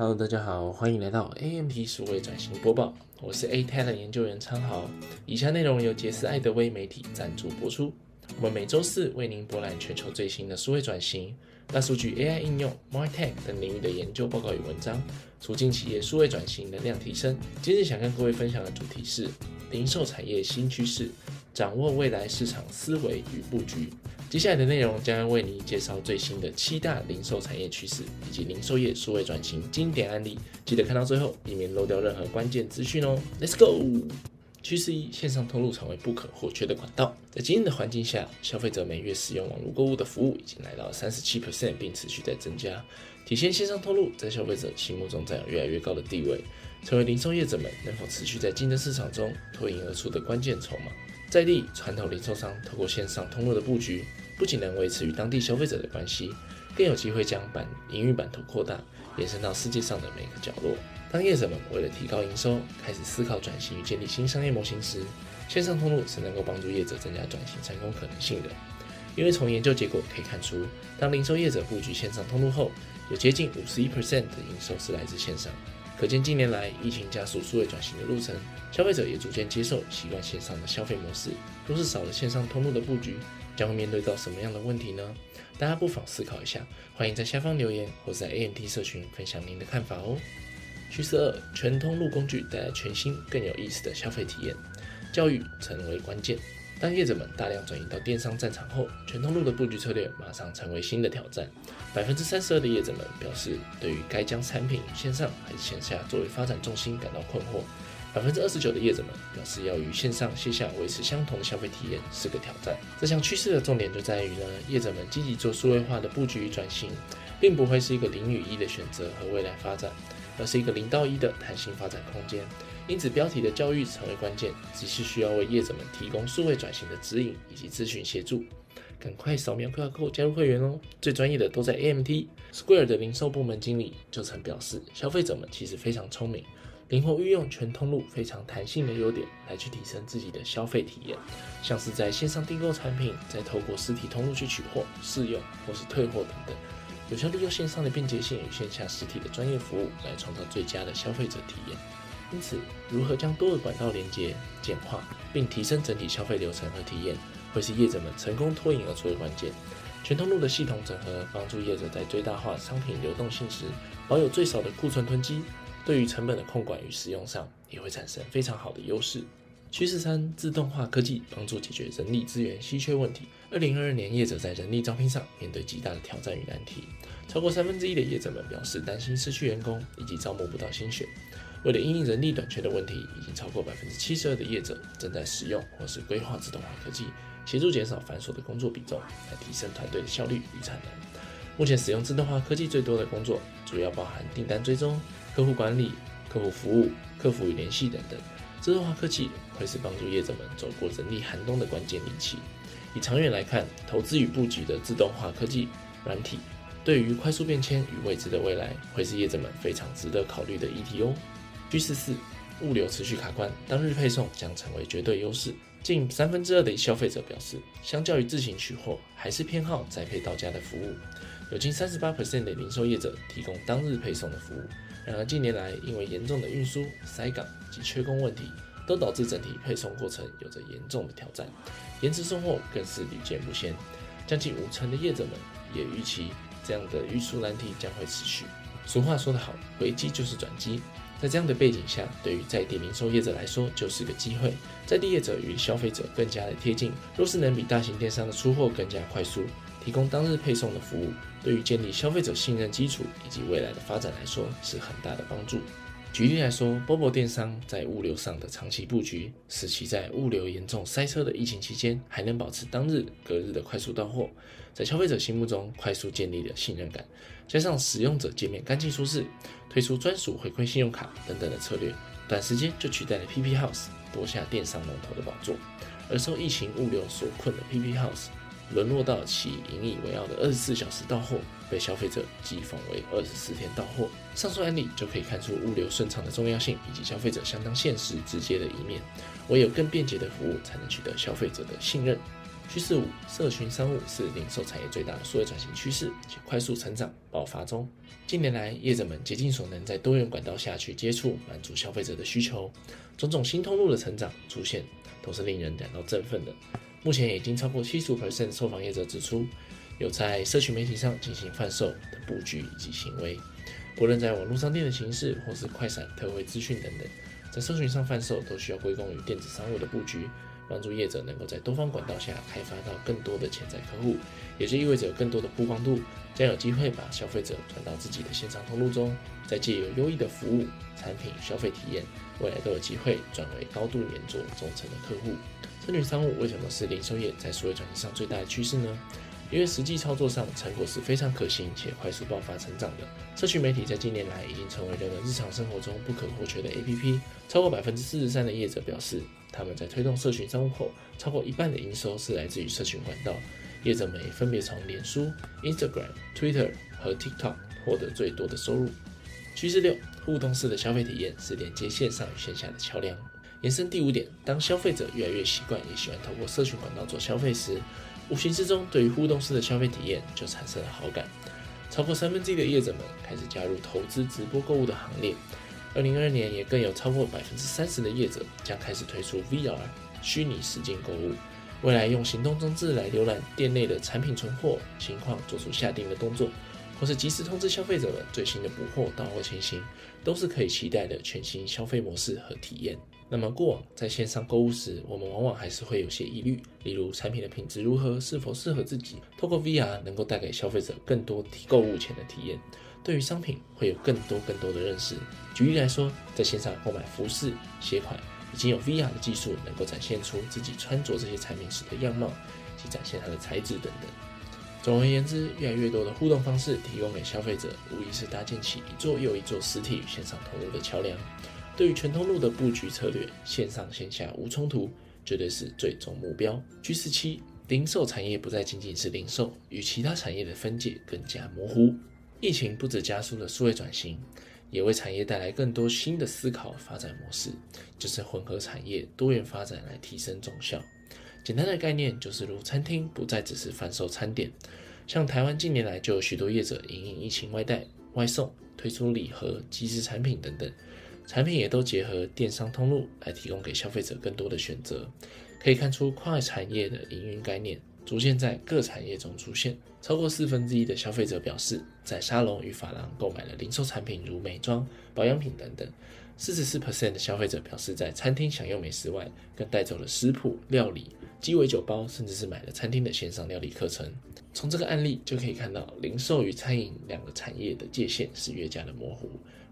Hello，大家好，歡迎來到 AMT 數位轉型播報，我是 ATTN 研究員昌豪。以下內容由傑斯愛德威媒體贊助播出。我們每周四為您博覽全球最新的數位轉型、大數據、AI 應用、MarTech 等領域的研究報告與文章，促進企業數位轉型能量提升。今日想跟各位分享的主題是零售產業新趨勢，掌握未來市場思維與佈局。接下來的內容將要為你介紹最新的七大零售產業趨勢以及零售業數位轉型經典案例。記得看到最後，以免漏掉任何關鍵資訊哦。Let's go。趨勢一：線上通路成為不可或缺的管道。在疫情的環境下，消費者每月使用網絡購物的服務已經來到37%，並持續在增加，體現線上通路在消費者心目中佔有越來越高的地位，成為零售業者們能否持續在競爭市場中脫穎而出的關鍵籌碼。在地傳統零售商透過線上通路的布局，不僅能維持與當地消費者的關係，更有機會將版、營運版圖擴大，延伸到世界上的每個角落。當業者們為了提高營收，開始思考轉型與建立新商業模型時，線上通路是能夠幫助業者增加轉型成功可能性的。因為從研究結果可以看出，當零售業者布局線上通路後，有接近五十一 percent 的營收是來自線上。可見近年來疫情加速數位轉型的路程，消費者也逐漸接受習慣線上的消費模式。若是少了線上通路的布局，將會面對到什麼樣的問題呢？大家不妨思考一下，歡迎在下方留言或在 AMT 社群分享您的看法哦。趨勢二，全通路工具帶來全新更有意思的消費體驗，教育成為關鍵。當業者們大量轉移到電商戰場後，全通路的布局策略馬上成為新的挑戰。百分之三十二的業者們表示，對於該將產品線上還是線下作為發展重心感到困惑。百分之二十九的業者們表示，要與線上、線下維持相同的消費體驗是個挑戰。這項趨勢的重點就在於呢，業者們積極做數位化的布局與轉型，並不會是一個零與一的選擇和未來發展，而是一個零到一的彈性發展空間。因此，標題的教育成為關鍵，只是需要為業者們提供數位轉型的指引以及諮詢協助。趕快掃描 QR Code 加入會員哦！最專業的都在 AMT。Square 的零售部門經理就曾表示，消費者們其實非常聰明，靈活運用全通路非常彈性的優點來去提升自己的消費體驗，像是在線上訂購產品，再透過實體通路去取貨試用或是退貨等等，有效利用線上的便捷性與線下實體的專業服務來創造最佳的消費者體驗。因此，如何將多個管道連接簡化，並提升整體消費流程和體驗，會是業者們成功脫穎而出的關鍵。全通路的系統整合，幫助業者在最大化商品流動性時，保有最少的庫存囤積。對於成本的控管與使用上，也會產生非常好的優勢。趨勢三：自動化科技幫助解決人力資源稀缺問題。二零二二年，業者在人力招聘上面對極大的挑戰與難題。超過三分之一的業者們表示擔心失去員工，以及招募不到新血。為了因應人力短缺的問題，已經超過百分之七十二的業者正在使用或是規劃自動化科技，協助減少繁瑣的工作比重，來提升團隊的效率與產能。目前使用自動化科技最多的工作，主要包含訂單追蹤、客戶管理、客戶服務、客服與聯繫等等。自動化科技會是幫助業者們走過人力寒冬的關鍵利器。以長遠來看，投資與布局的自動化科技軟體，對於快速變遷與未知的未來，會是業者們非常值得考慮的議題哦。趨勢四，物流持續卡關，當日配送將成為絕對優勢。近三分之二的消費者表示，相較於自行取貨，還是偏好宅配到家的服務。有近三十八 percent 的零售業者提供當日配送的服務。然而，近年來因為嚴重的運輸、塞港及缺工問題，都導致整體配送過程有着嚴重的挑戰，延遲送貨更是屢見不鮮。將近五成的業者們也預期，這樣的運輸難題將會持續。俗話說得好，危機就是轉機。在這樣的背景下，對於在地零售業者來說，就是個機會。在地業者與消費者更加的貼近，若是能比大型電商的出貨更加快速，提供當日配送的服務，對於建立消費者信任基礎以及未來的發展來說，是很大的幫助。舉例來說，波波電商在物流上的長期佈局，使其在物流嚴重塞車的疫情期間，還能保持當日、隔日的快速到貨，在消費者心目中快速建立了信任感。加上使用者界面乾淨舒適，推出專屬回饋信用卡等等的策略，短時間就取代了 PP House，奪下電商龍頭的寶座。而受疫情物流所困的 PP House。淪落到其引以為傲的二十四小時到貨，被消費者譏諷為二十四天到貨。上述案例就可以看出物流順暢的重要性以及消費者相當現實直接的一面。唯有更便捷的服務，才能取得消費者的信任。趨勢五：社群商務是零售產業最大的數位轉型趨勢，且快速成長爆發中。近年來，業者們竭盡所能，在多元管道下去接觸、滿足消費者的需求，種種新通路的成長出現，都是令人感到振奮的。目前已經超過七十五 percent 受訪業者指出，有在社群媒體上進行販售的布局以及行為，不論在網絡商店的形式或是快閃特惠資訊等等，在社群上販售都需要歸功於電子商務的布局，幫助業者能夠在多方管道下開發到更多的潛在客戶，也就意味着有更多的曝光度，將有機會把消費者轉到自己的線上通路中，再借由優異的服務、產品、消費體驗，未來都有機會轉為高度黏著、忠誠的客戶。社群商務為什麼是零售業在數位轉型上最大的趨勢呢？因為實際操作上成果是非常可行且快速爆發成長的。社群媒體在近年來已經成為人們日常生活中不可或缺的 APP。超過百分之四十三的業者表示，他們在推動社群商務後，超過一半的營收是來自於社群管道。業者們也分別從臉書、Instagram、Twitter 和 TikTok 獲得最多的收入。趨勢六：互動式的消費體驗是連接線上與線下的橋樑。延伸第五點，當消費者越來越習慣也喜歡透過社群管道做消費時，無形之中對於互動式的消費體驗就產生了好感。超過三分之一的業者們開始加入投資直播購物的行列。二零二二年也更有超過百分之三十的業者將開始推出 VR 虛擬實境購物。未來用行動裝置來瀏覽店內的產品存貨情況，做出下訂的動作，或是即時通知消費者們最新的補貨到貨情形，都是可以期待的全新消費模式和體驗。那麼，過往在線上購物時，我們往往還是會有些疑慮，例如產品的品質如何，是否適合自己。透過 VR 能夠帶給消費者更多購物前的體驗，對於商品會有更多更多的認識。舉例來說，在線上購買服飾、鞋款，已經有 VR 的技術能夠展現出自己穿着這些產品時的樣貌及展現它的材質等等。總而言之，越來越多的互動方式提供給消費者，無疑是搭建起一座又一座實體與線上投入的橋樑。對於全通路的布局策略，線上線下無衝突，絕對是最終目標。趨勢七，零售產業不再僅僅是零售，與其他產業的分界更加模糊。疫情不止加速了數位轉型，也為產業帶來更多新的思考發展模式，就是混合產業多元發展來提升總效。簡單的概念就是，如餐廳不再只是販售餐點，像台灣近年來就有許多業者因應疫情外帶、外送，推出禮盒、即食產品等等。產品也都結合電商通路來提供給消費者更多的選擇，可以看出跨產業的營運概念逐漸在各產業中出現。超過四分之一的消費者表示，在沙龍與髮廊購買了零售產品，如美妝、保養品等等44。四十四 percent 的消費者表示，在餐廳享用美食外，更帶走了食譜、料理、雞尾酒包，甚至是買了餐廳的線上料理課程。從這個案例就可以看到，零售與餐飲兩個產業的界限是越加的模糊。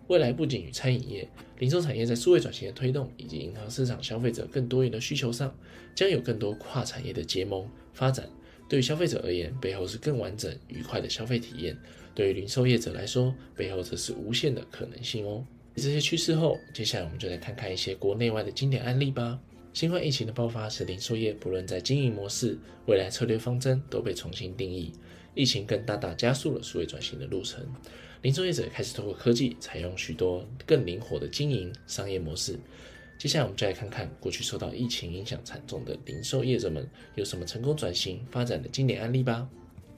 未來不僅與餐飲業、零售產業在數位轉型的推動，以及銀行市場消費者更多元的需求上，將有更多跨產業的結盟發展。對於消費者而言，背後是更完整、愉快的消費體驗；對於零售業者來說，背後則是無限的可能性哦。這些趨勢後，接下來我們就來看看一些國內外的經典案例吧。新冠疫情的爆發使零售業不論在經營模式、未來策略方針都被重新定義。疫情更大大加速了數位轉型的路程，零售業者開始透過科技，採用許多更靈活的經營商業模式。接下來，我們就來看看過去受到疫情影響慘重的零售業者們，有什麼成功轉型發展的經典案例吧。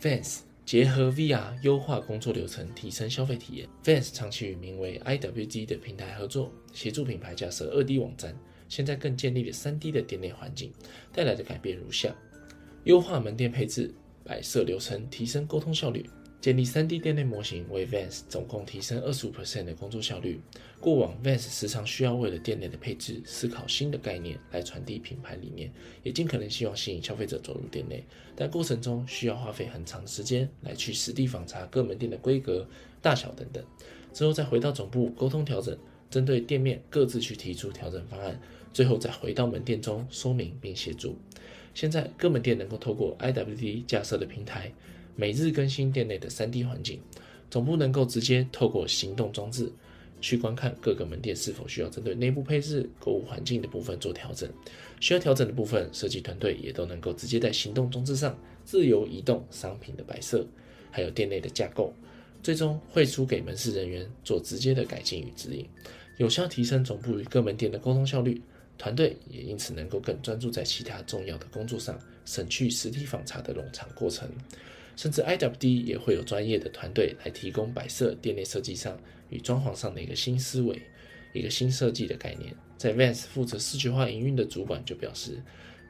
Vans 結合 VR，優化工作流程，提升消費體驗。Vans 長期與名為 IWD 的平台合作，協助品牌架設 2D 網站，現在更建立了 3D 的店內環境，帶來的改變如下：優化門店配置。擺設流程，提升溝通效率，建立 3D 店內模型為 Vans 總共提升25%的工作效率。過往 Vans 時常需要為了店內的配置思考新的概念來傳遞品牌理念，也盡可能希望吸引消費者走入店內，但過程中需要花費很長的時間來去實地訪查各門店的規格、大小等等，之後再回到總部溝通調整，針對店面各自去提出調整方案，最後再回到門店中說明並協助。現在各門店能夠透過 IWD 架設的平台，每日更新店內的 3D 環境，總部能夠直接透過行動裝置去觀看各個門店是否需要針對內部配置、購物環境的部分做調整。需要調整的部分，設計團隊也都能夠直接在行動裝置上自由移動商品的擺設，還有店內的架構，最終匯出給門市人員做直接的改進與指引，有效提升總部與各門店的溝通效率。團隊也因此能夠更專注在其他重要的工作上，省去實體訪查的冗長過程。甚至 i w d 也會有專業的團隊來提供擺設、店內設計上與裝潢上的一個新思維、一個新設計的概念。在 Vans 負責視覺化營運的主管就表示，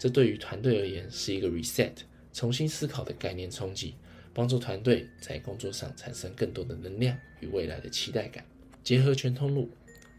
這對於團隊而言是一個 reset、重新思考的概念衝擊，幫助團隊在工作上產生更多的能量與未來的期待感。結合全通路。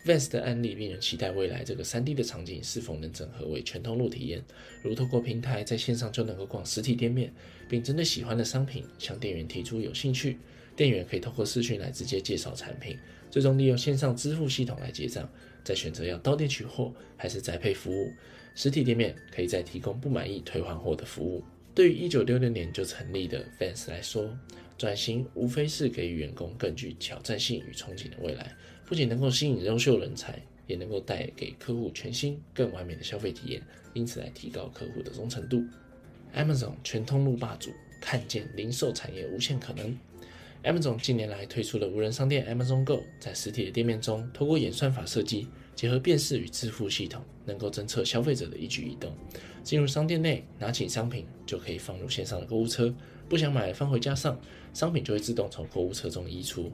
Vans 的案例令人期待，未來這個 3D 的場景是否能整合為全通路體驗？如透過平台在線上就能夠逛實體店面，並針對喜歡的商品向店員提出有興趣，店員可以透過視訊來直接介紹產品，最終利用線上支付系統來結賬，再選擇要到店取貨還是宅配服務。實體店面可以再提供不滿意退換貨的服務。對於1966年就成立的 Vans 來說，轉型無非是給予員工更具挑戰性與憧憬的未來。不僅能夠吸引優秀人才，也能夠帶給客戶全新、更完美的消費體驗，因此來提高客戶的忠誠度。Amazon 全通路霸主，看見零售產業無限可能。Amazon 近年來推出的無人商店 Amazon Go，在實體的店面中，透過演算法設計，結合辨識與支付系統，能夠偵測消費者的一舉一動。進入商店內，拿起商品就可以放入線上的購物車，不想買放回架上，商品就會自動從購物車中移出。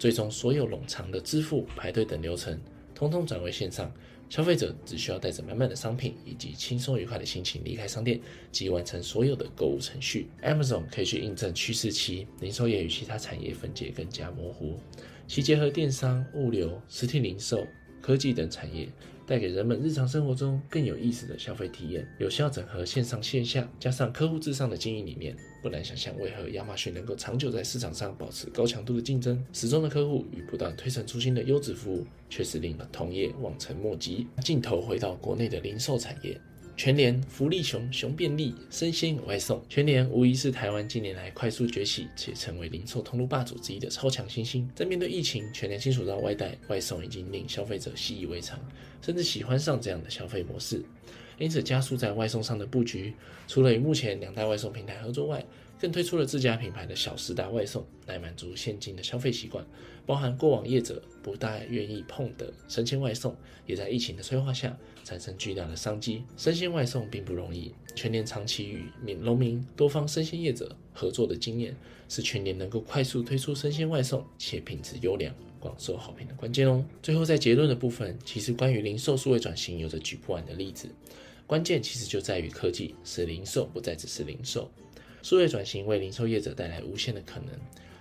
最終，所有冗長的支付、排隊等流程，統統轉為線上。消費者只需要帶着滿滿的商品，以及輕鬆愉快的心情離開商店，即完成所有的購物程序。Amazon 可以去印證趨勢期，零售業與其他產業分界更加模糊，其結合電商、物流、實體零售。科技等產業帶給人們日常生活中更有意思的消費體驗，有效整合線上線下，加上客戶至上的經營理念，不難想象為何亞馬遜能夠長久在市場上保持高強度的競爭。始終的客戶與不斷推陳出新的優質服務，確實令了同業望塵莫及。鏡頭回到國內的零售產業。全聯福利熊熊便利生鮮外送，全聯無疑是台灣近年來快速崛起且成為零售通路霸主之一的超強新星，星。在面對疫情，全聯清楚到外帶外送已經令消費者習以為常，甚至喜歡上這樣的消費模式，因此加速在外送上的布局。除了與目前兩大外送平台合作外，更推出了自家品牌的小時達外送，來滿足現今的消費習慣。包含過往業者不大願意碰的生鮮外送，也在疫情的催化下產生巨大的商機。生鮮外送並不容易，全聯長期與農民，農民多方生鮮業者合作的經驗，是全聯能夠快速推出生鮮外送且品質優良、廣受好評的關鍵哦。最後在結論的部分，其實關於零售數位轉型，有着舉不完的例子。關鍵其實就在於科技，使零售不再只是零售。數位轉型為零售業者帶來無限的可能。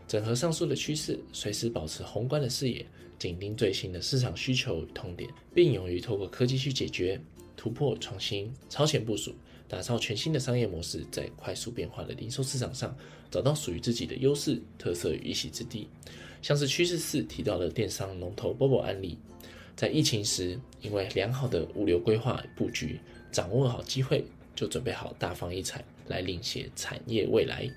整合上述的趨勢，隨時保持宏觀的視野，緊盯最新的市場需求與痛點，並勇於透過科技去解決、突破、創新、超前部署，打造全新的商業模式，在快速變化的零售市場上找到屬於自己的優勢特色與一席之地。像是趨勢四提到的電商龍頭 BOBO 案例，在疫情時，因為良好的物流規劃佈局，掌握好機會。就準備好大放異彩，來領銜產業未來。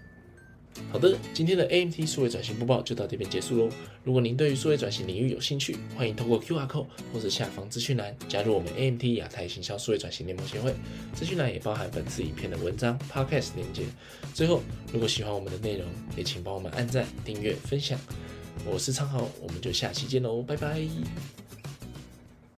好的，今天的 AMT 數位轉型播報就到這邊結束嘍。如果您對於數位轉型領域有興趣，歡迎透過 QR Code 或是下方資訊欄加入我們 AMT 亞太行銷數位轉型聯盟協會。資訊欄也包含本次影片的文章、Podcast 鏈接。最後，如果喜歡我們的內容，也請幫我們按讚、訂閱、分享。我是昌豪，我們就下期見嘍，拜拜。